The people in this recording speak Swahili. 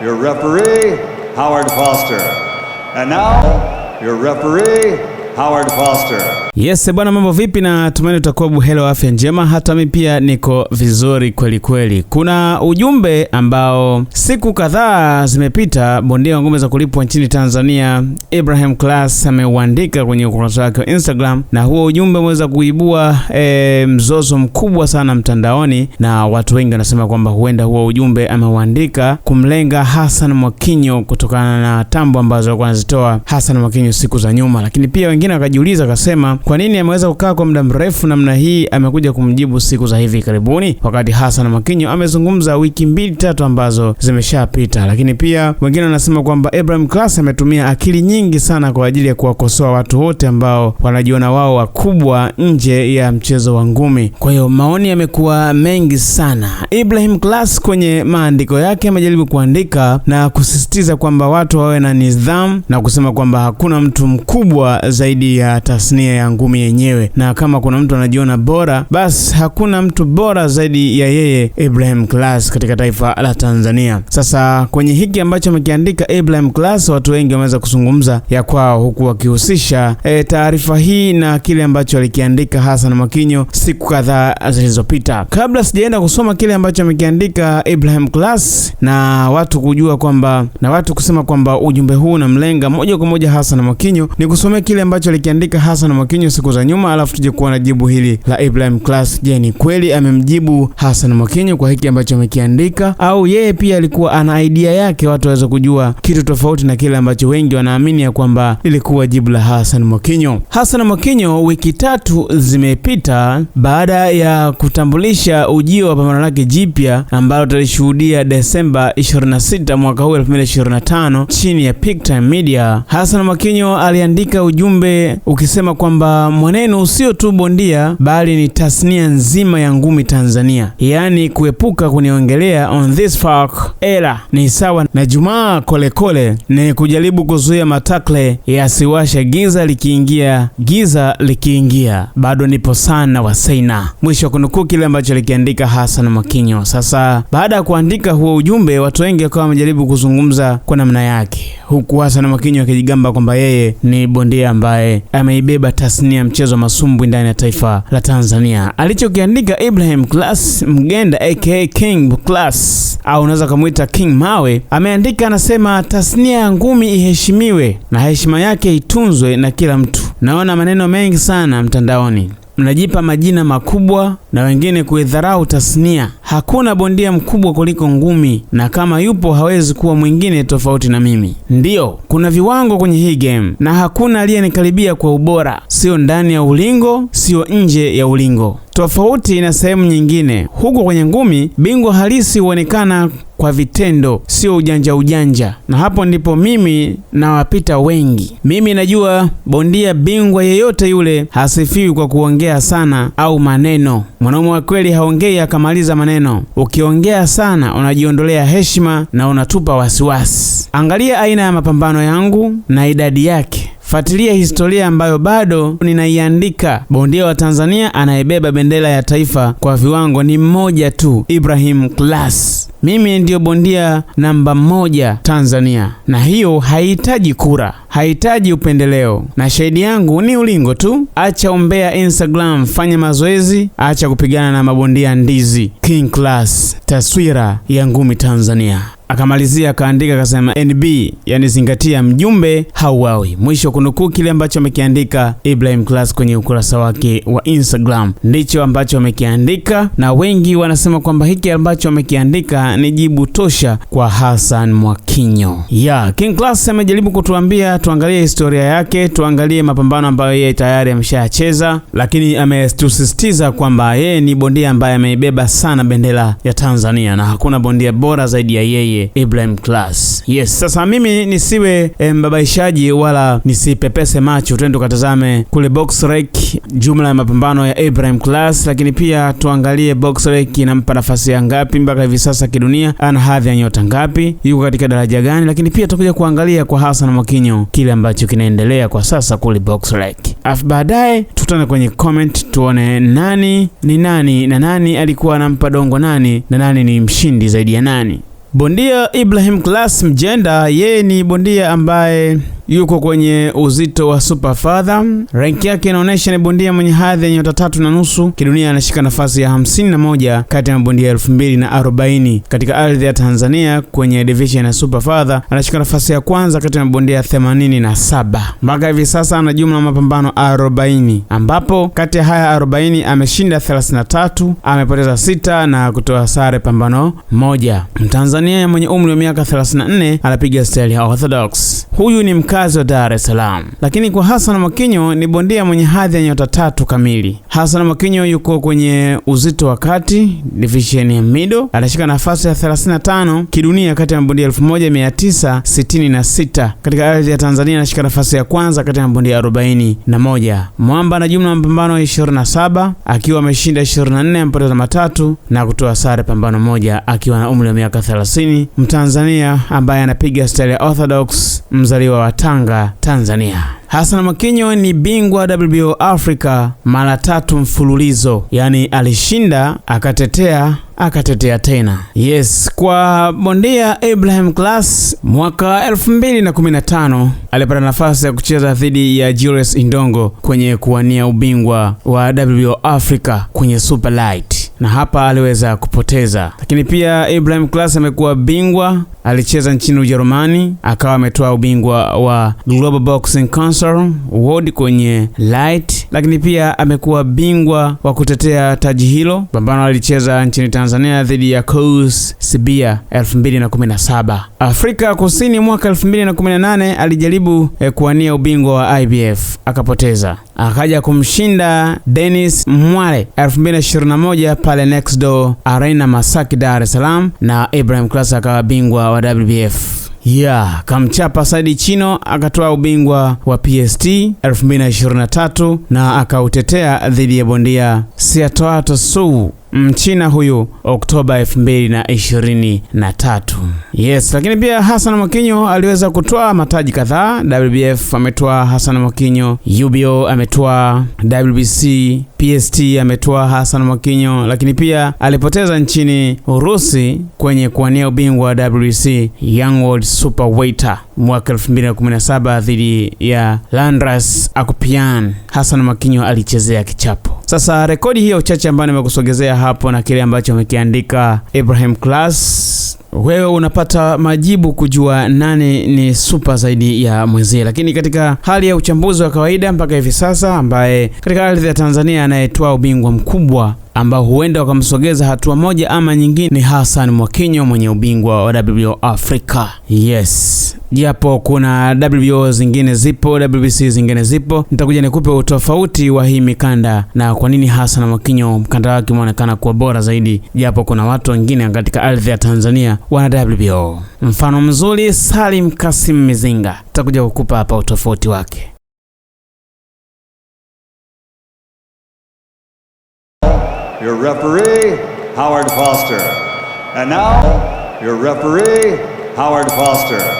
your referee, Howard Foster. And now, your referee, Howard Foster. Yes, bwana mambo vipi? Na tumaini utakuwa buhelo afya njema. Hata mimi pia niko vizuri kweli kweli. Kuna ujumbe ambao siku kadhaa zimepita, bondia wa ngome za kulipwa nchini Tanzania Ibrahim Class ameuandika kwenye ukurasa wake wa Instagram, na huo ujumbe umeweza kuibua e, mzozo mkubwa sana mtandaoni, na watu wengi wanasema kwamba huenda huo ujumbe ameuandika kumlenga Hassan Mwakinyo kutokana na tambo ambazo alikuwa anazitoa Hassan Mwakinyo siku za nyuma, lakini pia wengine wengine akajiuliza akasema, kwa nini ameweza kukaa kwa muda mrefu namna hii? Amekuja kumjibu siku za hivi karibuni, wakati Hassan Mwakinyo amezungumza wiki mbili tatu ambazo zimeshapita. Lakini pia wengine wanasema kwamba Ibrahim Class ametumia akili nyingi sana kwa ajili ya kuwakosoa watu wote ambao wanajiona wao wakubwa nje ya mchezo wa ngumi. Kwa hiyo maoni yamekuwa mengi sana. Ibrahim Class kwenye maandiko yake amejaribu kuandika na kusisitiza kwamba watu wawe na nidhamu na kusema kwamba hakuna mtu mkubwa zaidi zaidi ya tasnia ya ngumi yenyewe, na kama kuna mtu anajiona bora, basi hakuna mtu bora zaidi ya yeye Ibrahim Class katika taifa la Tanzania. Sasa kwenye hiki ambacho amekiandika Ibrahim Class, watu wengi wameweza kuzungumza ya kwao, huku wakihusisha e, taarifa hii na kile ambacho alikiandika Hassan Mwakinyo siku kadhaa zilizopita. Kabla sijaenda kusoma kile ambacho amekiandika Ibrahim Class na watu kujua kwamba na watu kusema kwamba ujumbe huu unamlenga moja kwa moja Hassan makinyo ni kusomea kile ambacho ambacho alikiandika Hassan Mwakinyo siku za nyuma, alafu tuje kuona jibu hili la Ibrahim Class. Je, ni kweli amemjibu Hassan Mwakinyo kwa hiki ambacho amekiandika, au yeye pia alikuwa ana idea yake, watu waweze kujua kitu tofauti na kile ambacho wengi wanaamini ya kwamba lilikuwa jibu la Hassan Mwakinyo. Hassan Mwakinyo, wiki tatu zimepita baada ya kutambulisha ujio wa pambano lake jipya ambalo tulishuhudia Desemba 26 mwaka huu 2025 chini ya Big Time Media. Hassan Mwakinyo aliandika ujumbe ujumbe ukisema kwamba mwaneno sio tu bondia bali ni tasnia nzima ya ngumi Tanzania, yaani kuepuka kuniongelea on this fuck era ni sawa na Jumaa Kolekole ni kujaribu kuzuia matakle yasiwashe giza likiingia, giza likiingia, bado nipo sana wasaina. Mwisho wa kunukuu kile ambacho likiandika Hassan Mwakinyo. Sasa baada ya kuandika huo ujumbe, watu wengi wakawa wamejaribu kuzungumza kwa namna yake, huku Hassan Mwakinyo akijigamba kwamba yeye ni bondia ambaye ambaye ameibeba tasnia ya mchezo wa masumbwi ndani ya taifa la Tanzania. Alichokiandika Ibrahim Class Mgenda aka King Class au unaweza kumuita King Mawe, ameandika anasema, tasnia ya ngumi iheshimiwe na heshima yake itunzwe na kila mtu. Naona maneno mengi sana mtandaoni, mnajipa majina makubwa na wengine kuidharau tasnia. Hakuna bondia mkubwa kuliko ngumi, na kama yupo hawezi kuwa mwingine tofauti na mimi. Ndiyo, kuna viwango kwenye hii game na hakuna aliyenikaribia kwa ubora, siyo ndani ya ulingo, siyo nje ya ulingo. Tofauti na sehemu nyingine, huko kwenye ngumi bingwa halisi huonekana kwa vitendo, sio ujanja ujanja, na hapo ndipo mimi nawapita wengi. Mimi najua bondia bingwa yeyote yule hasifiwi kwa kuongea sana au maneno. Mwanaume wa kweli haongei akamaliza maneno. Ukiongea sana unajiondolea heshima na unatupa wasiwasi. Angalia aina ya mapambano yangu na idadi yake fatilia historia ambayo bado ninaiandika. Bondia wa Tanzania anayebeba bendera ya taifa kwa viwango ni mmoja tu, Ibrahim Class. Mimi ndiyo bondia namba moja Tanzania, na hiyo haihitaji kura, haihitaji upendeleo, na shahidi yangu ni ulingo tu. Acha umbea Instagram, fanya mazoezi, acha kupigana na mabondia ndizi. King Class, taswira ya ngumi Tanzania. Akamalizia akaandika akasema, NB, yani zingatia, mjumbe hauawi. Mwisho kunukuu kile ambacho amekiandika Ibrahim Class kwenye ukurasa wake wa Instagram, ndicho ambacho amekiandika, na wengi wanasema kwamba hiki ambacho amekiandika ni jibu tosha kwa Hassan Mwakinyo. Yeah, King Class amejaribu kutuambia tuangalie historia yake, tuangalie mapambano ambayo yeye tayari ameshayacheza, lakini ametusisitiza kwamba yeye ni bondia ambaye ameibeba sana bendera ya Tanzania na hakuna bondia bora zaidi ya yeye yake Ibrahim Class. Yes, sasa mimi nisiwe eh, mbabaishaji wala nisipepese macho, twende tukatazame kule box rec jumla ya mapambano ya Ibrahim Class, lakini pia tuangalie box rec inampa nafasi ya ngapi mpaka hivi sasa kidunia, ana hadhi ya nyota ngapi, yuko katika daraja gani, lakini pia tutakuja kuangalia kwa na Mwakinyo kile ambacho kinaendelea kwa sasa kule box rec, afu baadaye tutane kwenye comment tuone nani ni nani na nani alikuwa anampa dongo nani na nani ni mshindi zaidi ya nani. Bondia Ibrahim Class Mjenda, yeye ni bondia ambaye yuko kwenye uzito wa super father. Rank yake inaonyesha ni bondia mwenye hadhi ya nyota tatu na nusu kidunia. Anashika nafasi ya hamsini na moja kati ya mabondia elfu mbili na arobaini katika ardhi ya Tanzania. Kwenye division ya super father anashika nafasi ya kwanza kati ya mabondia themanini na saba mpaka hivi sasa. Ana jumla mapambano arobaini ambapo kati ya haya arobaini ameshinda thelathini na tatu amepoteza sita na kutoa sare pambano moja. Mtanzania mwenye umri wa miaka nne anapiga staili ya orthodox. Huyu ni mka mkazi wa Dar es Salaam. Lakini kwa Hassan Mwakinyo ni bondia mwenye hadhi ya nyota tatu kamili. Hassan Mwakinyo yuko kwenye uzito wa kati, divisheni ya mido, anashika nafasi ya 35 kidunia kati ya mabondia 1966 katika ardhi ya Tanzania, anashika nafasi ya kwanza kati ya mabondia 41. Mwamba na jumla ya mapambano 27 akiwa ameshinda 24, amepoteza matatu na kutoa sare pambano moja, akiwa na umri wa miaka 30, Mtanzania ambaye anapiga style ya orthodox, mzaliwa wa Tanga, Tanzania. Hassan Mwakinyo ni bingwa WBO Africa mara tatu mfululizo, yaani alishinda akatetea akatetea tena. Yes, kwa bondia Ibrahim Class mwaka 2015 alipata nafasi ya kucheza dhidi ya Julius Indongo kwenye kuwania ubingwa wa WBO Africa kwenye Super Light na hapa aliweza kupoteza. Lakini pia Ibrahim Klas amekuwa bingwa, alicheza nchini Ujerumani akawa ametoa ubingwa wa Global Boxing Council World kwenye light, lakini pia amekuwa bingwa wa kutetea taji hilo. Pambano alicheza nchini Tanzania dhidi ya Kous Sibia 2017. Afrika Kusini mwaka 2018 alijaribu eh, kuwania ubingwa wa IBF akapoteza akaja kumshinda Dennis Mwale 2021 pale Next Door Arena Masaki, Dar es Salaam, na Ibrahim Klasa akawa bingwa wa WBF. Yeah, kamchapa Saidi Chino akatoa ubingwa wa PST 2023 na akautetea dhidi ya bondia Siatoato Suu Mchina huyu Oktoba 2023. Yes, lakini pia Hassan Mwakinyo aliweza kutoa mataji kadhaa. WBF ametoa Hassan Mwakinyo, UBO ametoa, WBC PST ametoa Hassan Mwakinyo, lakini pia alipoteza nchini Urusi kwenye kuwania ubingwa wa WBC Young World Super Welter mwaka 2017 dhidi ya Landras Akupian. Hassan Mwakinyo alichezea kichapo. Sasa rekodi hiyo uchache ambayo nimekusogezea hapo na kile ambacho amekiandika Ibrahim Class wewe unapata majibu kujua nani ni super zaidi ya mwenzie. Lakini katika hali ya uchambuzi wa kawaida mpaka hivi sasa, ambaye katika ardhi ya Tanzania anayetoa ubingwa mkubwa ambao huenda wakamsogeza hatua moja ama nyingine ni Hassan Mwakinyo mwenye ubingwa wa WBO Afrika. Yes, japo kuna WBO zingine zipo, WBC zingine zipo, nitakuja nikupe utofauti wa hii mikanda na kwa nini Hassan Mwakinyo mkanda wake umeonekana kuwa bora zaidi, japo kuna watu wengine katika ardhi ya Tanzania wana WBO. Mfano mzuri Salim Kasim Mizinga, nitakuja kukupa hapa utofauti wake. your referee, Howard Foster. And now, your referee, Howard Foster.